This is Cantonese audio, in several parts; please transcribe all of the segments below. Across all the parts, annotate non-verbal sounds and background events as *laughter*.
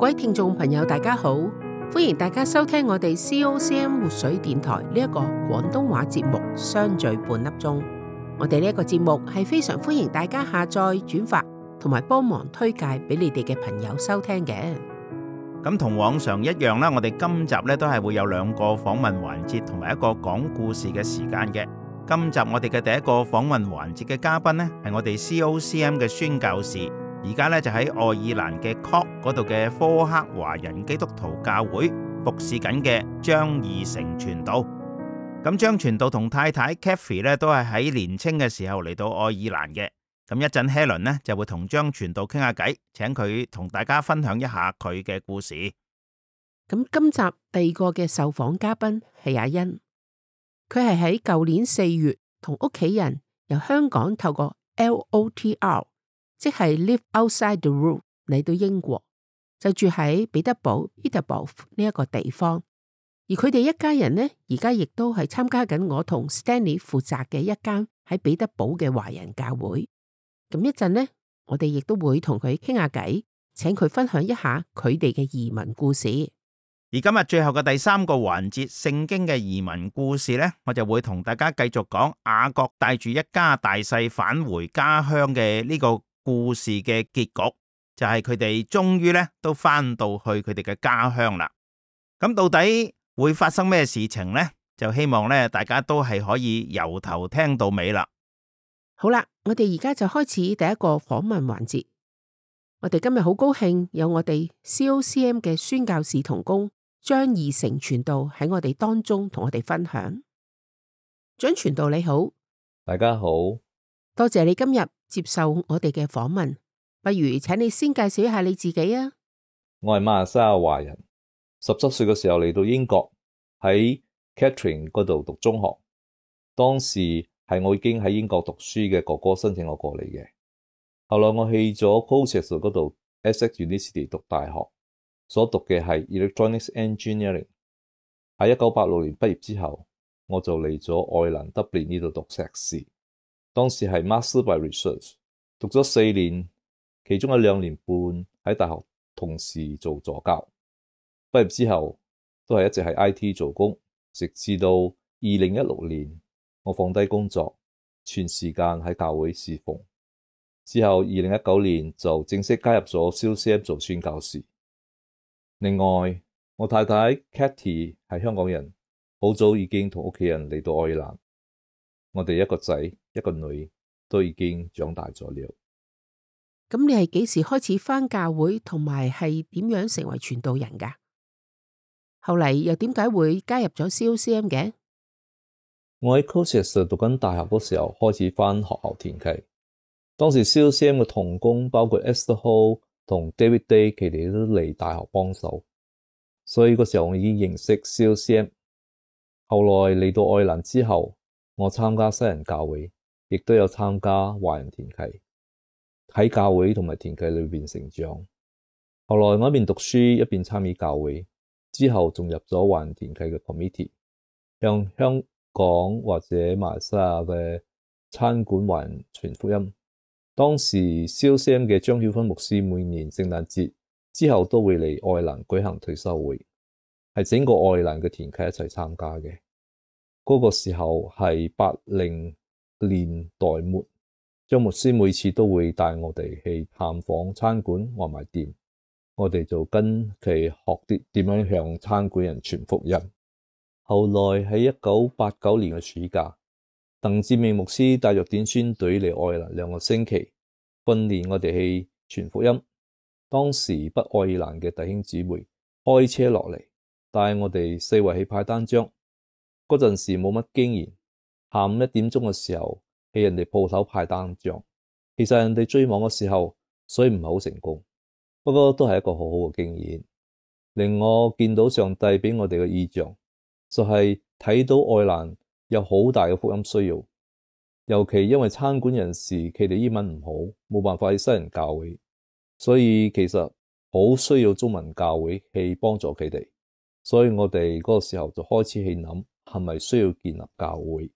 各位聽眾朋友，大家好，歡迎大家收聽我哋 COCM 活水電台呢一個廣東話節目《相聚半粒鐘》。我哋呢一個節目係非常歡迎大家下載、轉發同埋幫忙推介俾你哋嘅朋友收聽嘅。咁同往常一樣啦，我哋今集咧都係會有兩個訪問環節同埋一個講故事嘅時間嘅。今集我哋嘅第一個訪問環節嘅嘉賓咧係我哋 COCM 嘅宣教士。而家咧就喺愛爾蘭嘅 Cork 嗰度嘅科克華人基督徒教會服侍緊嘅張義成傳道。咁張傳道同太太 Kathy 咧都係喺年青嘅時候嚟到愛爾蘭嘅。咁一陣 Helen 呢，就會同張傳道傾下偈，請佢同大家分享一下佢嘅故事。咁今集第二個嘅受訪嘉賓係阿恩，佢係喺舊年四月同屋企人由香港透過 LOTR。即係 live outside the rule 嚟到英國，就住喺彼得堡 Peterborough 呢一個地方。而佢哋一家人呢，而家亦都係參加緊我同 Stanley 負責嘅一間喺彼得堡嘅華人教會。咁一陣呢，我哋亦都會同佢傾下偈，請佢分享一下佢哋嘅移民故事。而今日最後嘅第三個環節，聖經嘅移民故事呢，我就會同大家繼續講雅各帶住一家大細返回家鄉嘅呢、這個。故事嘅結局就係佢哋終於呢都返到去佢哋嘅家鄉啦。咁、嗯、到底會發生咩事情呢？就希望呢大家都係可以由頭聽到尾啦。好啦，我哋而家就開始第一個訪問環節。我哋今日好高興有我哋 COCM 嘅宣教士同工張義成傳道喺我哋當中同我哋分享。張傳道你好，大家好，多謝你今日。接受我哋嘅訪問，不如請你先介紹一下你自己啊！我係馬來西亞華人，十七歲嘅時候嚟到英國喺 Catering 嗰度讀中學，當時係我已經喺英國讀書嘅哥哥申請我過嚟嘅。後來我去咗 Coast 嗰度 Essex University 讀大學，所讀嘅係 Electronics Engineering。喺一九八六年畢業之後，我就嚟咗愛爾蘭 W 呢度讀碩士。當時係 master by research，讀咗四年，其中有兩年半喺大學同時做助教。畢業之後都係一直喺 IT 做工，直至到二零一六年，我放低工作，全時間喺教會侍奉。之後二零一九年就正式加入咗 COCM 做宣教士。另外，我太太 Kathy 係香港人，好早已經同屋企人嚟到愛爾蘭。我哋一個仔，一個女都已經長大咗了。咁你係幾時開始返教會，同埋係點樣成為傳道人㗎？後嚟又點解會加入咗 COCM 嘅？我喺 c o c s e s 讀緊大學嗰時候開始返學校團契，當時 COCM 嘅同工包括 Esther Ho 同 David Day，佢哋都嚟大學幫手，所以嗰時候我已經認識 COCM。後來嚟到愛爾蘭之後，我參加西人教會。亦都有參加華人團契，喺教會同埋團契裏邊成長。後來我一邊讀書一邊參與教會，之後仲入咗華人團契嘅 committee，向香港或者馬來西亞嘅餐館華人傳福音。當時 COCM 嘅張曉芬牧師每年聖誕節之後都會嚟愛爾蘭舉行退休會，係整個愛爾蘭嘅團契一齊參加嘅。嗰、那個時候係八零年代末，張牧師每次都會帶我哋去探訪餐館外賣店，我哋就跟佢學啲點樣向餐館人傳福音。後來喺一九八九年嘅暑假，鄧志明牧師帶住短宣隊嚟愛爾蘭兩個星期訓練我哋去傳福音。當時北愛爾蘭嘅弟兄姊妹開車落嚟帶我哋四圍去派單張，嗰陣時冇乜經驗。下午一點鐘嘅時候係人哋鋪頭派單張，其實人哋追網嘅時候，所以唔係好成功。不過都係一個好好嘅經驗，令我見到上帝畀我哋嘅意象，就係、是、睇到愛爾蘭有好大嘅福音需要，尤其因為餐館人士佢哋英文唔好，冇辦法去西人教會，所以其實好需要中文教會去幫助佢哋。所以我哋嗰個時候就開始去諗，係咪需要建立教會？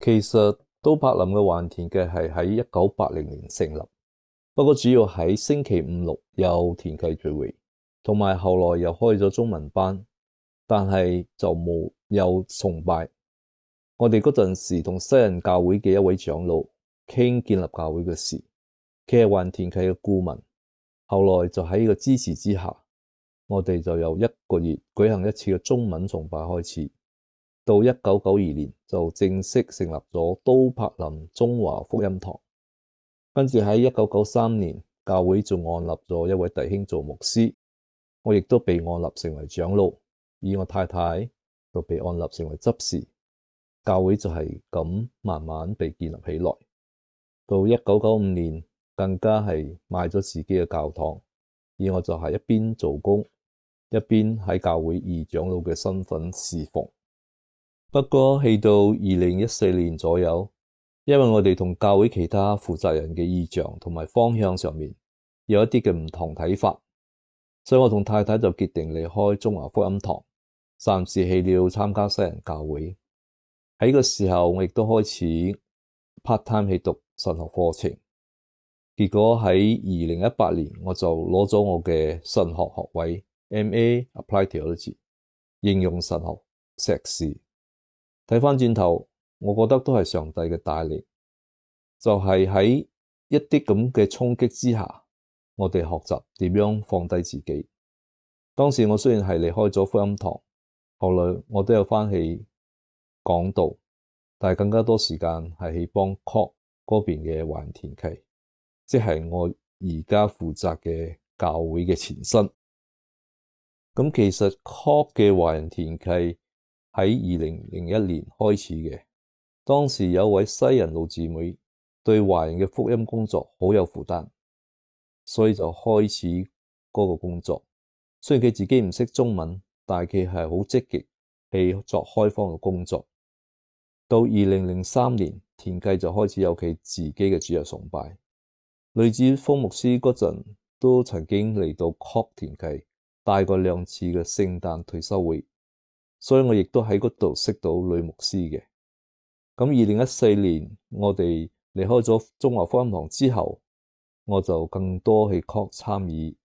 其實都柏林嘅幻團契係喺一九八零年成立，不過主要喺星期五六有團契聚會，同埋後來又開咗中文班，但係就冇有，有崇拜。我哋嗰陣時同西人教會嘅一位長老傾建立教會嘅事，佢係幻團契嘅顧問，後來就喺呢個支持之下，我哋就由一個月舉行一次嘅中文崇拜開始。到一九九二年就正式成立咗都柏林中華福音堂，跟住喺一九九三年教會仲按立咗一位弟兄做牧師，我亦都被按立成為長老，而我太太就被按立成為執事。教會就係咁慢慢被建立起來。到一九九五年更加係賣咗自己嘅教堂，而我就係一邊做工，一邊喺教會以長老嘅身份侍奉。不過去到二零一四年左右，因為我哋同教會其他負責人嘅意向同埋方向上面有一啲嘅唔同睇法，所以我同太太就決定離開中華福音堂，暫時去了參加西人教會。喺個時候，我亦都開始 part time 去讀神學課程。結果喺二零一八年，我就攞咗我嘅神學學位 （M.A. Applied 好多字應用神學碩士）。睇翻轉頭，我覺得都係上帝嘅帶領，就係、是、喺一啲咁嘅衝擊之下，我哋學習點樣放低自己。當時我雖然係離開咗福音堂，後來我都有翻去講道，但係更加多時間係幫 Cork 嗰邊嘅華人團契，即係我而家負責嘅教會嘅前身。咁其實 Cork 嘅華人團契，喺二零零一年開始嘅，當時有位西人老姊妹對華人嘅福音工作好有負擔，所以就開始嗰個工作。雖然佢自己唔識中文，但係佢係好積極去作開荒嘅工作。到二零零三年，田計就開始有佢自己嘅主日崇拜。類似方牧師嗰陣都曾經嚟到曲田計帶過兩次嘅聖誕退休會。所以我亦都喺嗰度識到呂牧師嘅。咁二零一四年我哋離開咗中華福音堂之後，我就更多去 Cork 參與。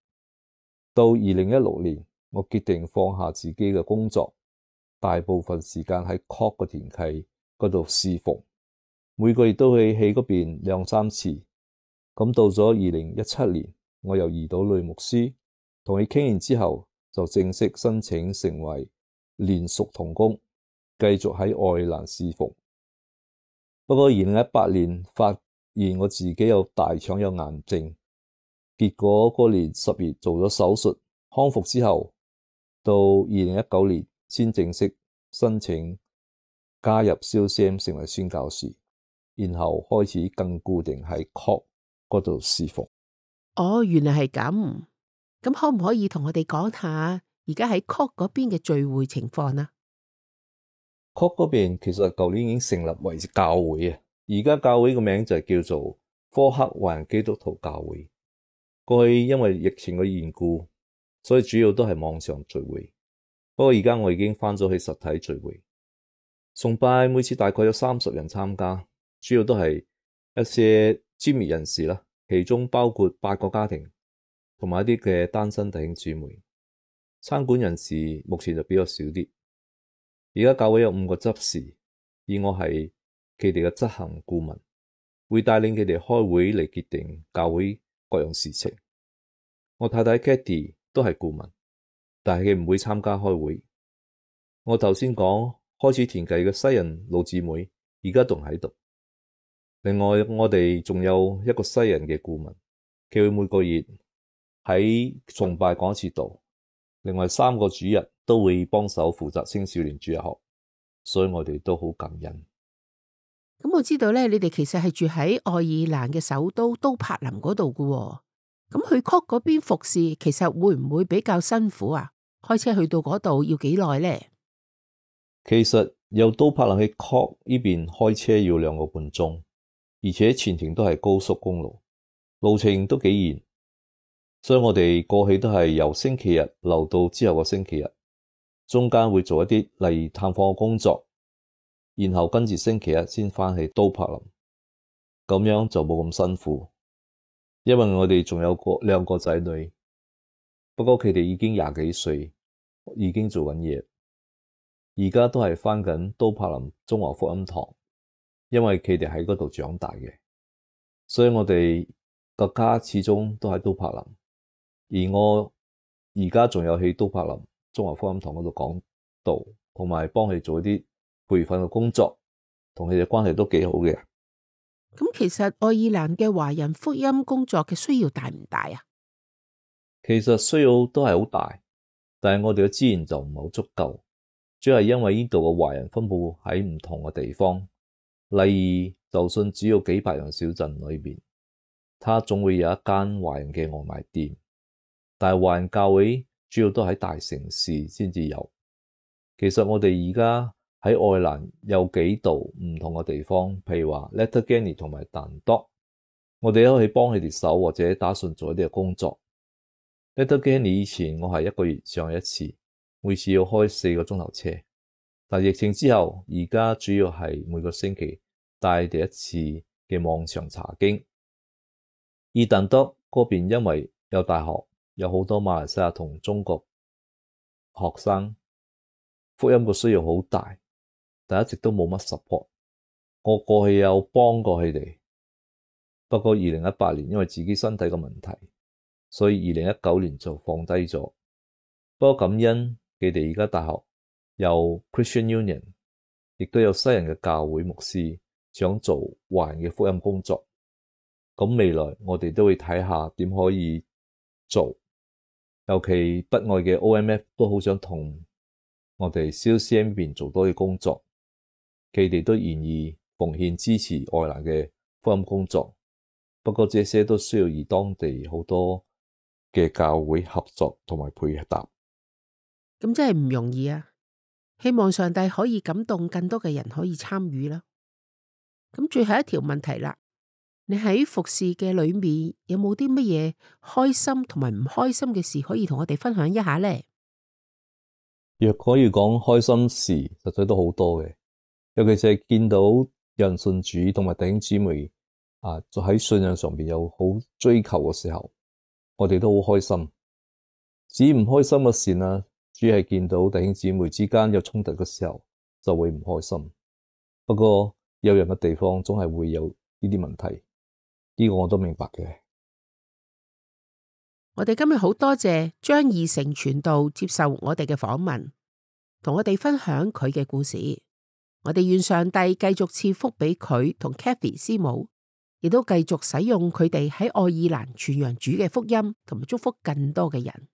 到二零一六年，我決定放下自己嘅工作，大部分時間喺 Cork 嘅團契嗰度侍奉，每個月都去喺嗰邊兩三次。咁到咗二零一七年，我又遇到呂牧師，同佢傾完之後，就正式申請成為。連屬同工繼續喺愛爾蘭侍奉，不過二零一八年發現我自己有大腸有癌症，結果嗰年十月做咗手術，康復之後到二零一九年先正式申請加入 COCM 成為宣教士，然後開始更固定喺 Cork 嗰度侍奉。哦，原來係咁，咁可唔可以同我哋講下？而家喺 Cork 嗰邊嘅聚會情況啦，Cork 嗰邊其實舊年已經成立為教會啊，而家教會個名就係叫做科克華人基督徒教會。過去因為疫情嘅緣故，所以主要都係網上聚會。不過而家我已經翻咗去實體聚會，崇拜每次大概有三十人參加，主要都係一些專業人士啦，其中包括八個家庭同埋一啲嘅單身弟兄姊妹。餐館人士目前就比較少啲。而家教會有五個執事，而我係佢哋嘅執行顧問，會帶領佢哋開會嚟決定教會各樣事情。我太太 Katie 都係顧問，但係佢唔會參加開會。我頭先講開始填計嘅西人老姊妹，而家仲喺度。另外我哋仲有一個西人嘅顧問，佢會每個月喺崇拜講一次道。另外三個主日都會幫手負責青少年主日學，所以我哋都好感恩。咁、嗯、我知道咧，你哋其實係住喺愛爾蘭嘅首都都柏林嗰度嘅，咁、嗯、去 Cork 嗰邊服侍，其實會唔會比較辛苦啊？開車去到嗰度要幾耐咧？其實由都柏林去 Cork 呢邊開車要兩個半鐘，而且全程都係高速公路，路程都幾遠。所以我哋過去都係由星期日留到之後個星期日，中間會做一啲例如探訪嘅工作，然後跟住星期日先翻去都柏林，咁樣就冇咁辛苦。因為我哋仲有個兩個仔女，不過佢哋已經廿幾歲，已經做緊嘢，而家都係翻緊都柏林中華福音堂，因為佢哋喺嗰度長大嘅，所以我哋個家始終都喺都柏林。而我而家仲有喺都柏林中華福音堂嗰度講道，同埋幫佢做啲培訓嘅工作，同佢哋關係都幾好嘅。咁其實愛爾蘭嘅華人福音工作嘅需要大唔大啊？其實需要都係好大，但係我哋嘅資源就唔係好足夠，主要係因為呢度嘅華人分佈喺唔同嘅地方。例如，就算只有幾百人小鎮裏邊，他總會有一間華人嘅外賣店。但係華人教會主要都喺大城市先至有。其實我哋而家喺愛蘭有幾度唔同嘅地方，譬如話 Letterkenny 同埋 Dundalk，我哋都可以幫佢哋手或者打算做一啲嘅工作。Letterkenny 以前我係一個月上一次，每次要開四個鐘頭車。但疫情之後，而家主要係每個星期帶第一次嘅網上查經。而 Dundalk 嗰邊因為有大學。有好多馬來西亞同中國學生，福音嘅需要好大，但一直都冇乜 support。我過去有幫過佢哋，不過二零一八年因為自己身體嘅問題，所以二零一九年就放低咗。不過感恩佢哋而家大學有 Christian Union，亦都有西人嘅教會牧師想做華人嘅福音工作。咁未來我哋都會睇下點可以做。尤其北愛嘅 O M F 都好想同我哋 C O C M 邊做多啲工作，佢哋都願意奉獻支持愛爾蘭嘅福音工作。不過這些都需要與當地好多嘅教會合作同埋配合。咁真係唔容易啊！希望上帝可以感動更多嘅人可以參與啦。咁最後一條問題啦。你喺服侍嘅裏面，有冇啲乜嘢開心同埋唔開心嘅事可以同我哋分享一下咧？若可以講開心事，實際都好多嘅，尤其是見到人信主同埋弟兄姊妹啊，就喺信仰上邊有好追求嘅時候，我哋都好開心。至於唔開心嘅事呢，主要係見到弟兄姊妹之間有衝突嘅時候就會唔開心。不過有人嘅地方，總係會有呢啲問題。呢個我都明白嘅。我哋今日好多謝張義成傳道接受我哋嘅訪問，同我哋分享佢嘅故事。我哋願上帝繼續賜福俾佢同 Kathy 師母，亦都繼續使用佢哋喺愛爾蘭傳揚主嘅福音，同埋祝福更多嘅人。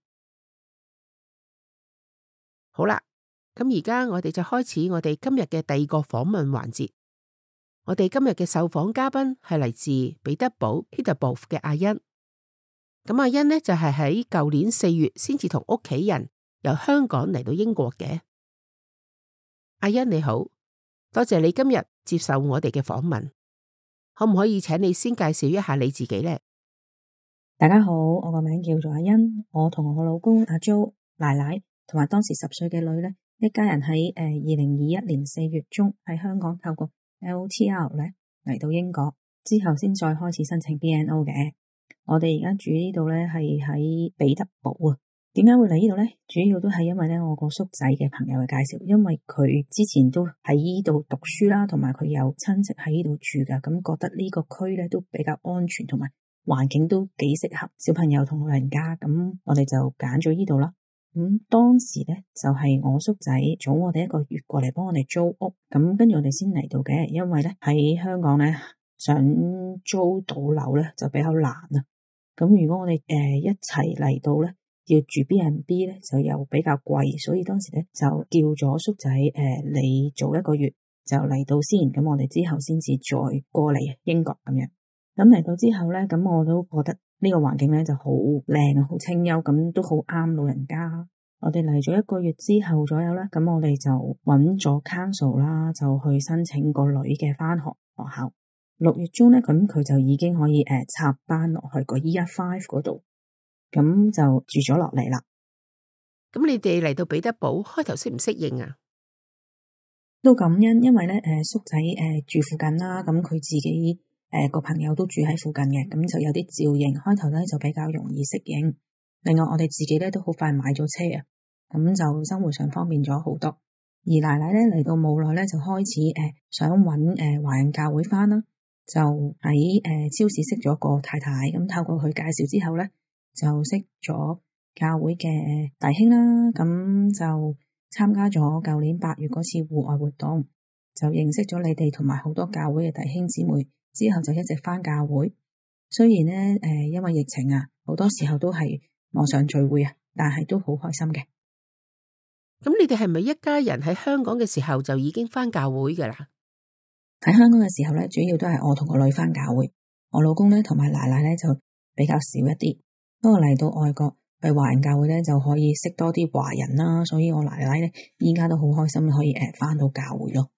好啦，咁而家我哋就開始我哋今日嘅第二個訪問環節。我哋今日嘅受訪嘉賓係嚟自彼得堡 Peterborough 嘅阿恩。咁阿恩呢就係喺舊年四月先至同屋企人由香港嚟到英國嘅。阿恩你好，多謝你今日接受我哋嘅訪問，可唔可以請你先介紹一下你自己呢？大家好，我個名叫做阿恩，我同我老公阿 Jo 奶奶同埋當時十歲嘅女呢，一家人喺誒二零二一年四月中喺香港透過。LOTR 呢嚟到英國之後，先再開始申請 B N O 嘅。我哋而家住這裏呢度呢，係喺彼得堡啊。點解會嚟呢度呢？主要都係因為呢我個叔仔嘅朋友嘅介紹，因為佢之前都喺呢度讀書啦，同埋佢有親戚喺呢度住噶，咁覺得呢個區呢都比較安全，同埋環境都幾適合小朋友同老人家。咁我哋就揀咗呢度啦。咁、嗯、當時咧就係、是、我叔仔早我哋一個月過嚟幫我哋租屋，咁跟住我哋先嚟到嘅，因為咧喺香港咧想租到樓咧就比較難啦。咁如果我哋誒、呃、一齊嚟到咧，要住 B and B 咧就又比較貴，所以當時咧就叫咗叔仔誒、呃，你早一個月就嚟到先，咁我哋之後先至再過嚟英國咁樣。咁嚟到之後咧，咁我都覺得。呢個環境咧就好靚，好清幽，咁都好啱老人家。我哋嚟咗一個月之後左右咧，咁我哋就揾咗 council 啦，就去申請個女嘅翻學學校。六月中咧，咁佢就已經可以誒插班落去個 Year Five 嗰度，咁就住咗落嚟啦。咁你哋嚟到彼得堡開頭適唔適應啊？都感恩，因為咧誒叔仔誒住附近啦，咁佢自己。誒，個朋友都住喺附近嘅，咁就有啲照應。開頭咧就比較容易適應。另外，我哋自己咧都好快買咗車啊，咁就生活上方便咗好多。而奶奶咧嚟到冇耐咧，就開始誒、呃、想搵誒、呃、華人教會返啦，就喺誒、呃、超市識咗個太太，咁透過佢介紹之後咧，就識咗教會嘅弟兄啦。咁就參加咗舊年八月嗰次戶外活動，就認識咗你哋同埋好多教會嘅弟兄姊妹。之後就一直返教會，雖然呢，誒，因為疫情啊，好多時候都係網上聚會啊，但係都好開心嘅。咁你哋係咪一家人喺香港嘅時候就已經返教會噶啦？喺香港嘅時候呢，主要都係我同個女返教會，我老公呢同埋奶奶呢就比較少一啲。不過嚟到外國，係華人教會呢就可以識多啲華人啦，所以我奶奶呢，依家都好開心可以誒返到教會咯。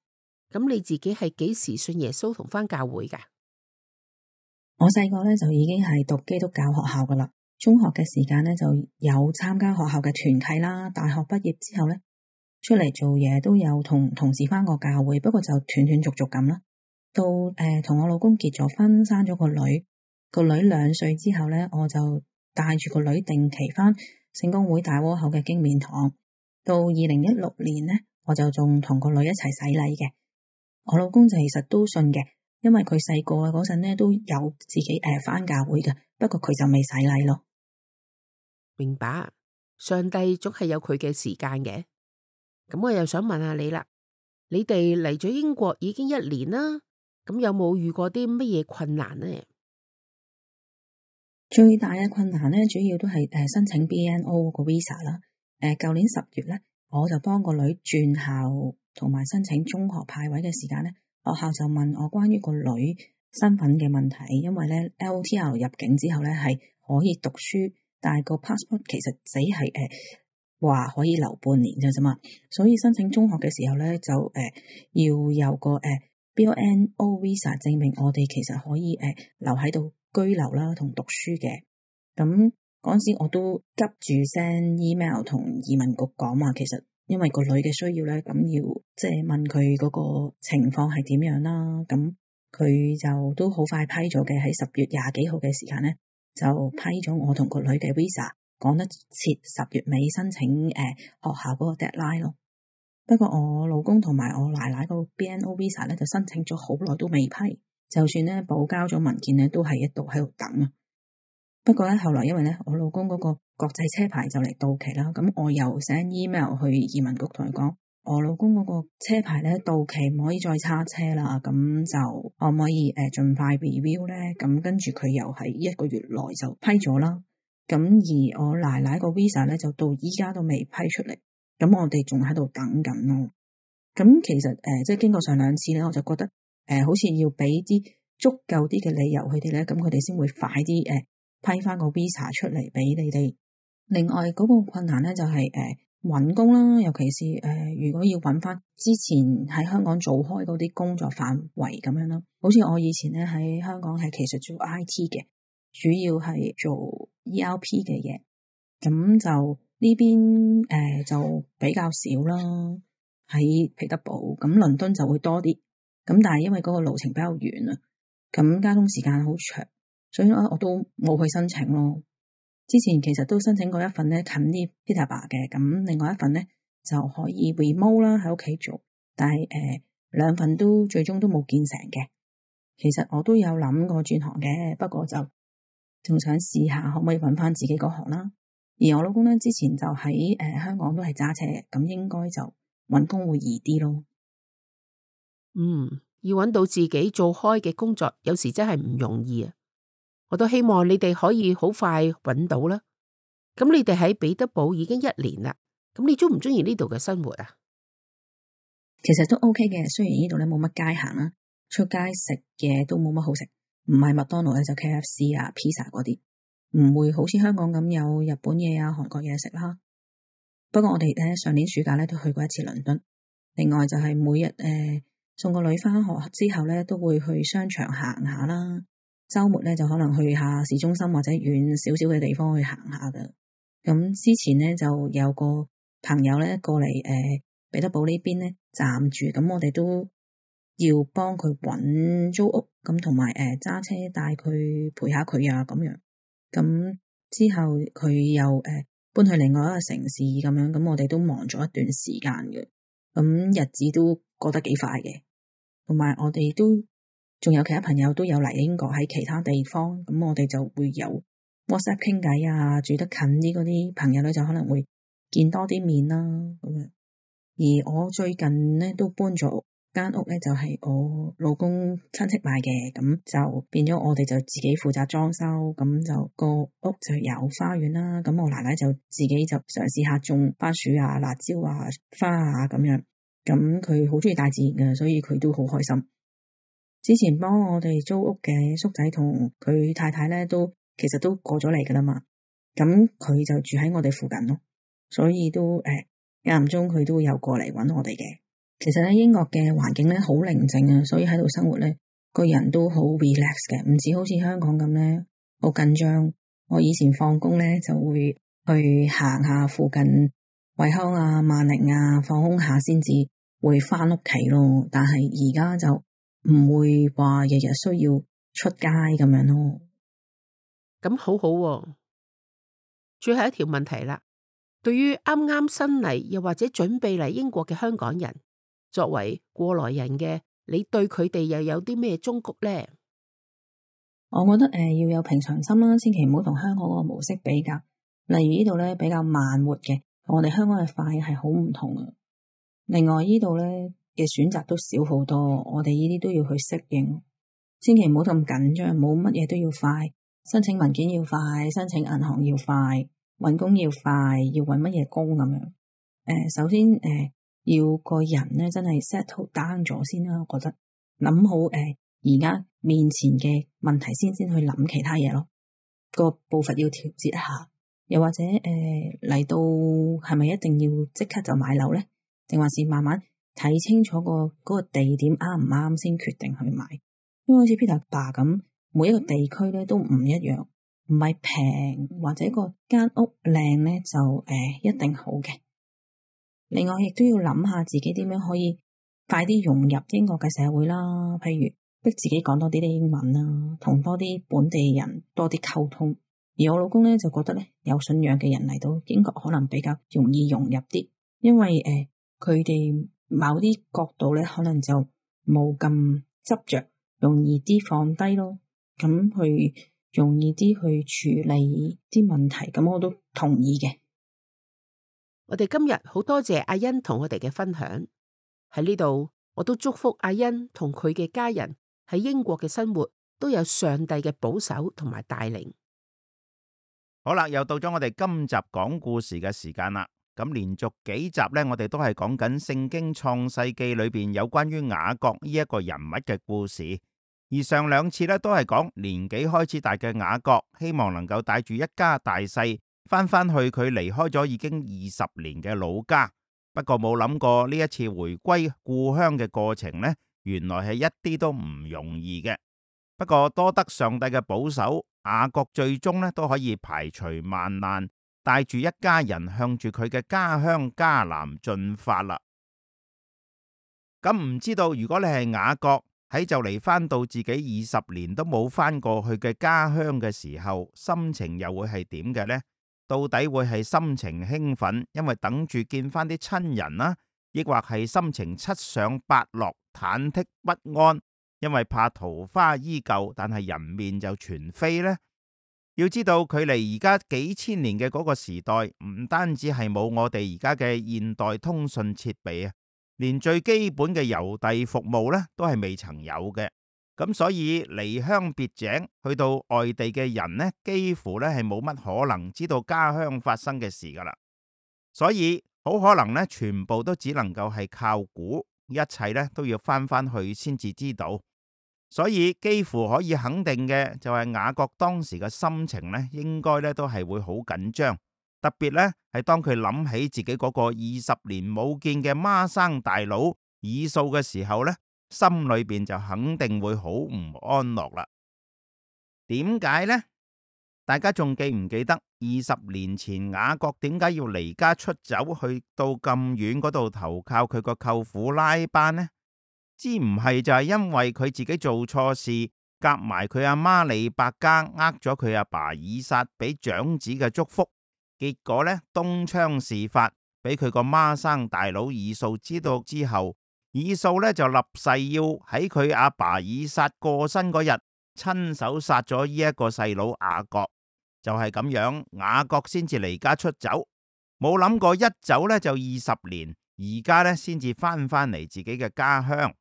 咁你自己係幾時信耶穌同翻教會㗎？我細個咧，就已經係讀基督教學校噶啦，中學嘅時間咧，就有參加學校嘅團契啦。大學畢業之後咧，出嚟做嘢都有同同事翻過教會，不過就斷斷續續咁啦。到誒同、呃、我老公結咗婚，生咗個女，個女兩歲之後咧，我就帶住個女定期翻聖公會大窩口嘅經面堂。到二零一六年咧，我就仲同個女一齊洗禮嘅。我老公就其實都信嘅，因為佢細個嗰陣咧都有自己誒返、呃、教會嘅，不過佢就未洗禮咯。明白，上帝總係有佢嘅時間嘅。咁我又想問下你啦，你哋嚟咗英國已經一年啦，咁有冇遇過啲乜嘢困難呢？最大嘅困難呢，主要都係誒申請 BNO 個 visa 啦。誒、呃，舊年十月咧，我就幫個女轉校。同埋申請中學派位嘅時間咧，學校就問我關於個女身份嘅問題，因為咧 LOTR 入境之後咧係可以讀書，但係個 passport 其實只係誒話可以留半年嘅啫嘛，所以申請中學嘅時候咧就誒、呃、要有個誒、呃、BNO Visa 證明我哋其實可以誒、呃、留喺度居留啦同讀書嘅，咁嗰陣時我都急住 send email 同移民局講話，其實。因為個女嘅需要咧，咁要即係問佢嗰個情況係點樣啦。咁佢就都好快批咗嘅，喺十月廿幾號嘅時間咧就批咗我同個女嘅 visa，趕得切十月尾申請誒、呃、學校嗰個 deadline 咯。不過我老公同埋我奶奶個 BNO visa 咧就申請咗好耐都未批，就算咧補交咗文件咧都係一度喺度等啊。不過咧後來因為咧我老公嗰、嗰個。國際車牌就嚟到期啦，咁我又 send email 去移民局同佢講，我老公嗰個車牌咧到期唔可以再叉車啦，咁就可唔可以誒盡快 review 咧？咁跟住佢又喺一個月內就批咗啦。咁而我奶奶個 visa 咧就到依家都未批出嚟，咁我哋仲喺度等緊咯。咁其實誒，即、呃、係經過上兩次咧，我就覺得誒、呃，好似要俾啲足夠啲嘅理由佢哋咧，咁佢哋先會快啲誒、呃、批翻個 visa 出嚟俾你哋。另外嗰、那個困難咧就係誒揾工啦，尤其是誒、呃、如果要揾翻之前喺香港做開嗰啲工作範圍咁樣咯，好似我以前咧喺香港係其實做 I T 嘅，主要係做 ERP 嘅嘢，咁就呢邊誒就比較少啦，喺彼得堡咁倫敦就會多啲，咁但係因為嗰個路程比較遠啊，咁交通時間好長，所以咧我都冇去申請咯。之前其實都申請過一份呢近啲 Peterborough 嘅，咁另外一份呢就可以 remote 啦喺屋企做，但係誒兩份都最終都冇見成嘅。其實我都有諗過轉行嘅，不過就仲想試下可唔可以揾翻自己嗰行啦。而我老公呢，之前就喺誒、呃、香港都係揸車，咁應該就揾工會易啲咯。嗯，要揾到自己做開嘅工作，有時真係唔容易啊。我都希望你哋可以好快揾到啦。咁你哋喺彼得堡已經一年啦。咁你中唔中意呢度嘅生活啊？其實都 OK 嘅，雖然呢度咧冇乜街行啦，出街食嘢都冇乜好食，唔係麥當勞咧就 KFC 啊、披薩嗰啲，唔會好似香港咁有日本嘢啊、韓國嘢食啦。不過我哋咧上年暑假咧都去過一次倫敦。另外就係每日誒、呃、送個女翻學之後咧都會去商場行下啦。週末咧就可能去下市中心或者遠少少嘅地方去行下㗎。咁之前咧就有個朋友咧過嚟誒，彼得堡呢邊咧站住，咁我哋都要幫佢揾租屋，咁同埋誒揸車帶佢陪下佢啊咁樣。咁之後佢又誒、呃、搬去另外一個城市咁樣，咁我哋都忙咗一段時間嘅，咁日子都過得幾快嘅，同埋我哋都。仲有其他朋友都有嚟英國喺其他地方，咁我哋就會有 WhatsApp 傾偈啊，住得近啲嗰啲朋友咧就可能會見多啲面啦。咁樣，而我最近咧都搬咗間屋咧，就係、是、我老公親戚買嘅，咁就變咗我哋就自己負責裝修，咁就、個屋就有花園啦。咁我奶奶就自己就嘗試下種番薯啊、辣椒啊、花啊咁樣，咁佢好中意大自然嘅，所以佢都好開心。之前幫我哋租屋嘅叔仔同佢太太咧，都其實都過咗嚟噶啦嘛。咁、嗯、佢就住喺我哋附近咯，所以都誒間唔中佢都會有過嚟搵我哋嘅。其實咧英國嘅環境咧好寧靜啊，所以喺度生活咧個人都好 relax 嘅，唔似好似香港咁咧好緊張。我以前放工咧就會去行下附近惠康啊、萬寧啊，放空下先至會翻屋企咯。但係而家就～唔會話日日需要出街咁樣咯，咁 *noise* 好好、啊。最後一條問題啦，對於啱啱新嚟，又或者準備嚟英國嘅香港人，作為過來人嘅，你對佢哋又有啲咩忠告呢？ *noise* 我覺得誒、呃，要有平常心啦，千祈唔好同香港個模式比較。例如呢度咧比較慢活嘅，我哋香港係快，係好唔同嘅。另外呢度咧。嘅選擇都少好多，我哋呢啲都要去適應，千祈唔好咁緊張，冇乜嘢都要快，申請文件要快，申請銀行要快，揾工要快，要揾乜嘢工咁樣？誒、呃，首先誒、呃，要個人咧真係 settle down 咗先啦。我覺得諗好誒，而、呃、家面前嘅問題先先去諗其他嘢咯。個步伐要調節一下，又或者誒嚟、呃、到係咪一定要即刻就買樓咧，定還是慢慢？睇清楚個嗰個地點啱唔啱先決定去買，因為好似 Peterborough 咁，每一個地區咧都唔一樣，唔係平或者個間屋靚咧就誒、呃、一定好嘅。另外，亦都要諗下自己點樣可以快啲融入英國嘅社會啦。譬如逼自己講多啲啲英文啦，同多啲本地人多啲溝通。而我老公咧就覺得咧，有信仰嘅人嚟到英國可能比較容易融入啲，因為誒佢哋。呃某啲角度咧，可能就冇咁執着，容易啲放低咯，咁去容易啲去處理啲問題，咁我都同意嘅。我哋今日好多謝阿恩同我哋嘅分享，喺呢度我都祝福阿恩同佢嘅家人喺英國嘅生活都有上帝嘅保守同埋帶領。好啦，又到咗我哋今集講故事嘅時間啦。咁連續幾集呢，我哋都係講緊聖經創世紀裏邊有關於雅各呢一個人物嘅故事。而上兩次呢，都係講年紀開始大嘅雅各，希望能夠帶住一家大細翻返去佢離開咗已經二十年嘅老家。不過冇諗過呢一次回歸故鄉嘅過程呢，原來係一啲都唔容易嘅。不過多得上帝嘅保守，雅各最終呢都可以排除萬難。帶住一家人向住佢嘅家鄉迦南進發啦。咁、嗯、唔知道，如果你係雅各喺就嚟返到自己二十年都冇返過去嘅家鄉嘅時候，心情又會係點嘅呢？到底會係心情興奮，因為等住見返啲親人啦，啊，亦或係心情七上八落，忐忑不安，因為怕桃花依舊，但係人面就全非呢？要知道，距離而家幾千年嘅嗰個時代，唔單止係冇我哋而家嘅現代通訊設備啊，連最基本嘅郵遞服務咧都係未曾有嘅。咁所以離鄉別井去到外地嘅人咧，幾乎咧係冇乜可能知道家鄉發生嘅事噶啦。所以好可能咧，全部都只能夠係靠估，一切咧都要翻翻去先至知道。所以幾乎可以肯定嘅就係，雅各當時嘅心情咧，應該咧都係會好緊張，特別咧係當佢諗起自己嗰個二十年冇見嘅孖生大佬以掃嘅時候咧,心裏邊就肯定會好唔安樂啦。點解呢？大家仲記唔記得二十年前雅各點解要離家出走去到咁遠嗰度投靠佢個舅父拉班呢？知唔係就係因為佢自己做錯事，夾埋佢阿媽利百加呃咗佢阿爸以撒俾長子嘅祝福，結果呢，東窗事發，俾佢個孖生大佬以掃知道之後，以掃呢就立誓要喺佢阿爸以撒過身嗰日，親手殺咗呢一個細佬雅各，就係、是、咁樣，雅各先至離家出走，冇諗過一走呢就二十年，而家呢先至翻返嚟自己嘅家鄉。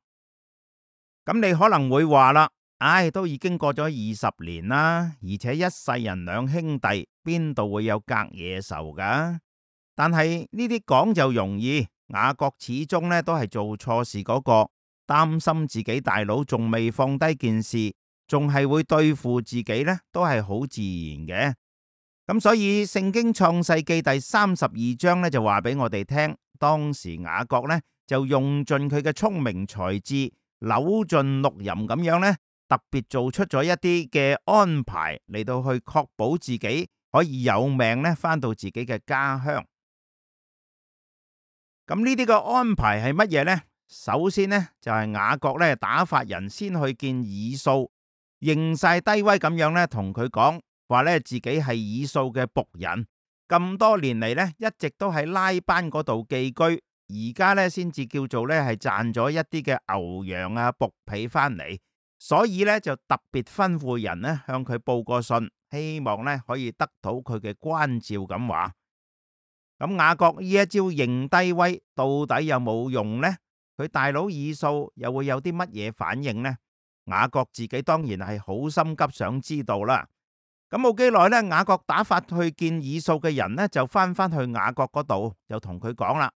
咁你可能會話啦，唉，都已經過咗二十年啦，而且一世人兩兄弟邊度會有隔夜仇噶？但係呢啲講就容易，雅各始終呢都係做錯事嗰個，擔心自己大佬仲未放低件事，仲係會對付自己呢都係好自然嘅。咁所以聖經創世記第三十二章呢就話俾我哋聽，當時雅各呢就用盡佢嘅聰明才智。扭盡六壬咁樣咧，特別做出咗一啲嘅安排嚟到去確保自己可以有命咧返到自己嘅家鄉。咁呢啲嘅安排係乜嘢呢？首先呢，就係、是、雅各咧打發人先去見以掃，認晒低威咁樣咧同佢講話咧自己係以掃嘅僕人，咁多年嚟咧一直都喺拉班嗰度寄居。而家咧先至叫做咧係賺咗一啲嘅牛羊啊、僕婢翻嚟，所以咧就特別吩咐人咧向佢報個信，希望咧可以得到佢嘅關照咁話。咁雅各呢一招認低威到底有冇用咧？佢大佬以掃又會有啲乜嘢反應咧？雅各自己當然係好心急，想知道啦。咁冇幾耐咧，雅各打發去見以掃嘅人咧就翻翻去雅各嗰度，就同佢講啦。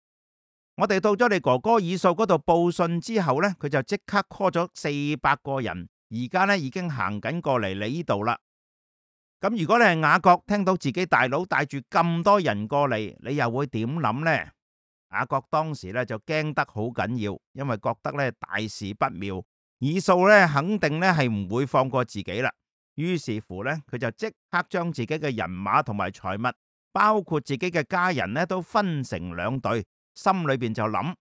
我哋到咗你哥哥以掃嗰度報信之後咧，佢就即刻 call 咗四百個人，而家咧已經行緊過嚟你呢度啦。咁如果你係雅各聽到自己大佬帶住咁多人過嚟，你又會點諗咧？雅各當時咧就驚得好緊要，因為覺得咧大事不妙，以掃咧肯定咧係唔會放過自己啦。於是乎咧，佢就即刻將自己嘅人馬同埋財物，包括自己嘅家人咧，都分成兩隊。心裏邊就諗，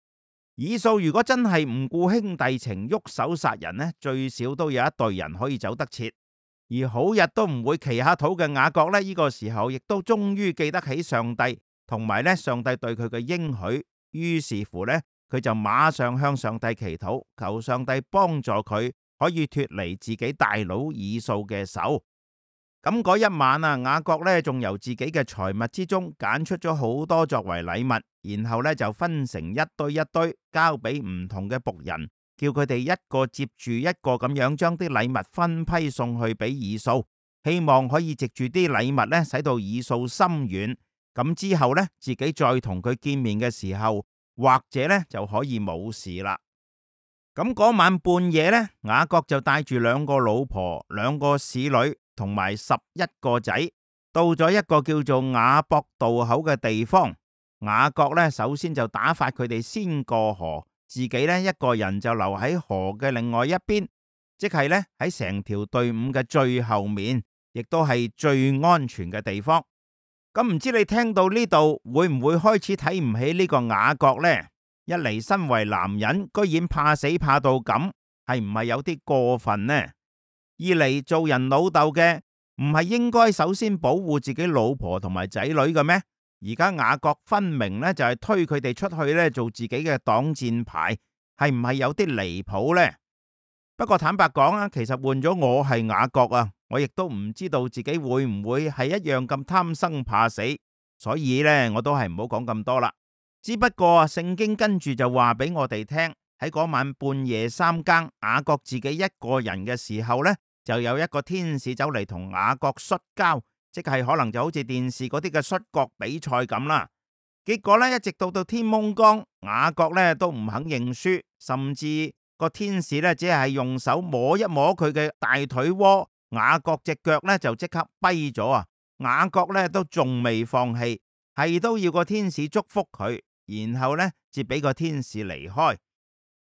以掃如果真係唔顧兄弟情，喐手殺人呢，最少都有一隊人可以走得切，而好日都唔會祈下禱嘅雅各呢？呢、這個時候亦都終於記得起上帝，同埋呢上帝對佢嘅應許。於是乎呢，佢就馬上向上帝祈禱，求上帝幫助佢可以脫離自己大佬以掃嘅手。咁嗰一晚啊，雅各呢仲由自己嘅財物之中揀出咗好多作為禮物，然後呢就分成一堆一堆交俾唔同嘅僕人，叫佢哋一個接住一個咁樣將啲禮物分批送去俾以掃，希望可以藉住啲禮物呢使到以掃心軟。咁之後呢，自己再同佢見面嘅時候，或者呢就可以冇事啦。咁嗰晚半夜呢，雅各就帶住兩個老婆，兩個使女。同埋十一個仔到咗一個叫做雅博渡口嘅地方，雅各咧，首先就打發佢哋先過河，自己咧一個人就留喺河嘅另外一邊，即係咧喺成條隊伍嘅最後面，亦都係最安全嘅地方。咁、嗯、唔知你聽到呢度會唔會開始睇唔起呢個雅各呢？一嚟身為男人，居然怕死怕到咁，係唔係有啲過分呢？二嚟做人老豆嘅唔係應該首先保護自己老婆同埋仔女嘅咩？而家雅各分明呢，就係推佢哋出去呢做自己嘅擋箭牌，係唔係有啲離譜呢？不過坦白講啊，其實換咗我係雅各啊，我亦都唔知道自己會唔會係一樣咁貪生怕死，所以呢，我都係唔好講咁多啦。只不過聖經跟住就話俾我哋聽，喺嗰晚半夜三更，雅各自己一個人嘅時候呢。就有一個天使走嚟同雅各摔跤，即係可能就好似電視嗰啲嘅摔角比賽咁啦。結果呢，一直到到天蒙光，雅各呢都唔肯認輸，甚至個天使呢只係用手摸一摸佢嘅大腿窩，雅各隻腳呢就即刻跛咗啊！雅各呢都仲未放棄，係都要個天使祝福佢，然後呢，只俾個天使離開。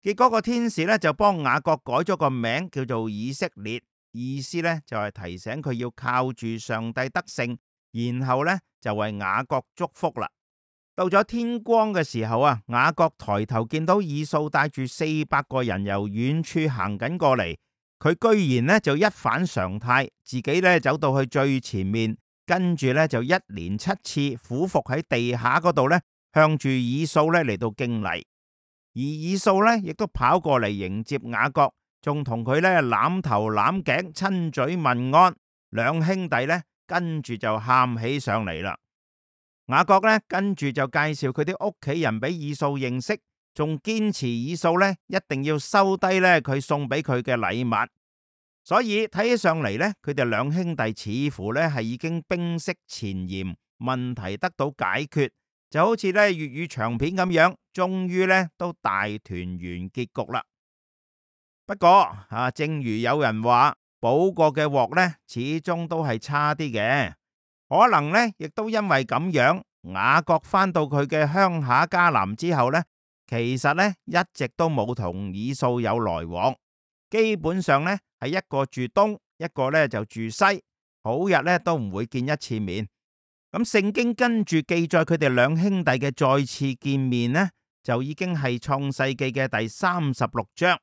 結果個天使呢就幫雅各改咗個名，叫做以色列。意思咧就係、是、提醒佢要靠住上帝得勝，然後咧就為雅各祝福啦。到咗天光嘅時候啊，雅各抬頭見到以掃帶住四百個人由遠處行緊過嚟，佢居然呢，就一反常態，自己咧走到去最前面，跟住咧就一連七次俯伏喺地下嗰度咧，向住以掃咧嚟到敬禮，而以掃咧亦都跑過嚟迎接雅各。仲同佢咧攬頭攬頸親嘴問安，兩兄弟咧跟住就喊起上嚟啦。雅各咧跟住就介紹佢啲屋企人俾以掃認識，仲堅持以掃咧一定要收低咧佢送俾佢嘅禮物，所以睇起上嚟咧，佢哋兩兄弟似乎咧係已經冰釋前嫌，問題得到解決，就好似咧粵語長片咁樣，終於咧都大團圓結局啦。不過啊，正如有人話，補過嘅鑊咧，始終都係差啲嘅。可能呢亦都因為咁樣，雅各返到佢嘅鄉下迦南之後呢，其實呢一直都冇同以掃有來往，基本上呢係一個住東，一個呢就住西，好日呢都唔會見一次面。咁聖經跟住記載佢哋兩兄弟嘅再次見面呢，就已經係創世記嘅第三十六章。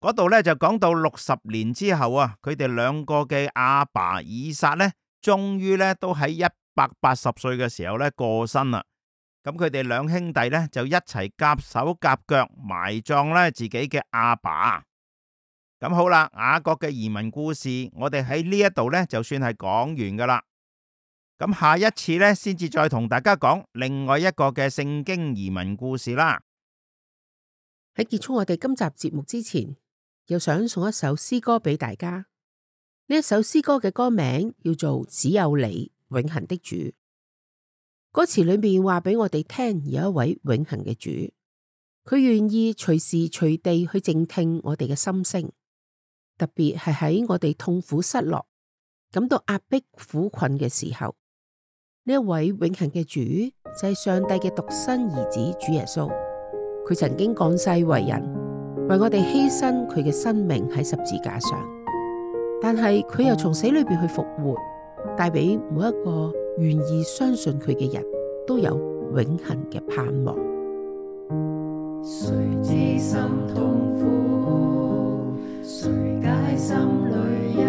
嗰度咧就講到六十年之後啊，佢哋兩個嘅阿爸以撒呢，終於呢都喺一百八十歲嘅時候呢過身啦。咁佢哋兩兄弟呢，就一齊夾手夾腳埋葬咧自己嘅阿爸。咁好啦，雅各嘅移民故事，我哋喺呢一度呢，就算係講完噶啦。咁下一次呢，先至再同大家講另外一個嘅聖經移民故事啦。喺結束我哋今集節目之前。又想送一首詩歌俾大家，呢首詩歌嘅歌名叫做《只有你永恒的主》。歌詞裏面話俾我哋聽，有一位永恒嘅主，佢願意隨時隨地去靜聽我哋嘅心聲，特別係喺我哋痛苦、失落、感到壓迫、苦困嘅時候。呢一位永恒嘅主就係上帝嘅獨生兒子主耶穌，佢曾經降世為人。為我哋犧牲佢嘅生命喺十字架上，但係佢又從死裏邊去復活，帶俾每一個願意相信佢嘅人都有永恒嘅盼望。誰知心痛苦，誰解心裡憂，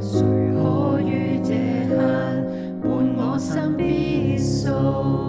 誰可於這刻伴我身邊訴。